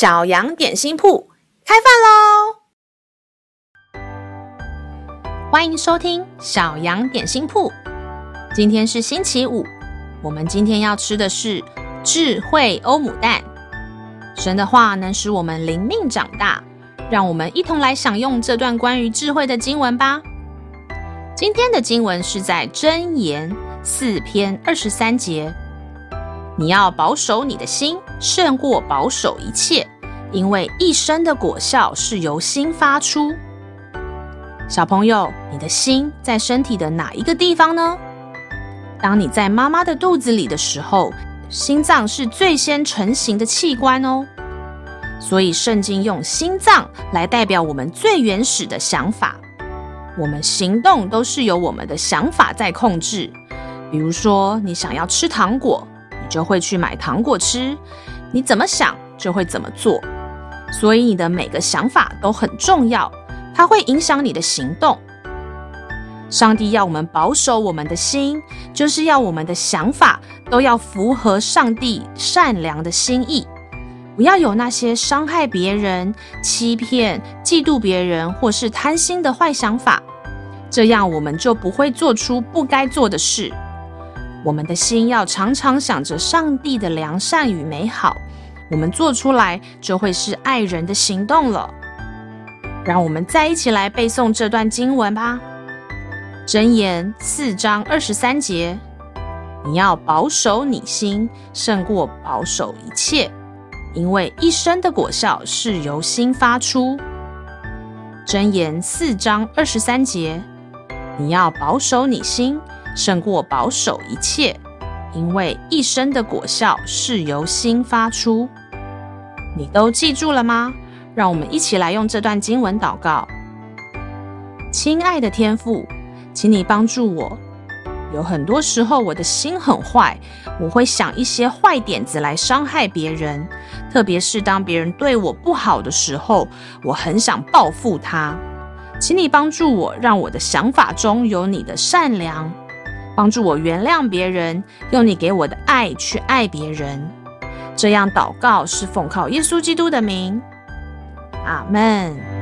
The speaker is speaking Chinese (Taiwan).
小羊點心鋪開飯嘍！歡迎收聽小羊點心鋪。今天是星期五，我們今天要吃的是智慧歐姆蛋。神的話能使我們靈命長大，讓我們一同來享用這段關於智慧的經文吧。今天的經文是在箴言四篇二十三節：你要保守你的心，勝過保守一切。因為一生的果效是由心發出。小朋友，你的心在身體的哪一個地方呢？當你在媽媽的肚子裡的時候，心臟是最先成型的器官哦。所以聖經用心臟來代表我們最原始的想法。我們行動都是由我們的想法在控制。比如說，你想要吃糖果，你就會去買糖果吃。你怎麼想，就會怎麼做。所以你的每個想法都很重要，它會影響你的行動。上帝要我們保守我們的心，就是要我們的想法都要符合上帝善良的心意，不要有那些傷害別人、欺騙、嫉妒別人或是貪心的壞想法。這樣我們就不會做出不該做的事。我們的心要常常想着上帝的良善與美好。我們做出來就會是愛人的行動了。讓我們再一起來背誦這段經文吧。箴言四章二十三節：你要保守你心，勝過保守一切，因為一生的果效是由心發出。箴言四章二十三節：你要保守你心，勝過保守一切，因為一生的果效是由心發出。你都記住了嗎？讓我們一起來用這段經文禱告。親愛的天父，請你幫助我。有很多時候我的心很壞，我會想一些壞點子來傷害別人，特別是當別人對我不好的時候，我很想報復他。請你幫助我，讓我的想法中有你的善良，幫助我原諒別人，用你給我的愛去愛別人。這樣禱告是奉靠耶穌基督的名，阿門。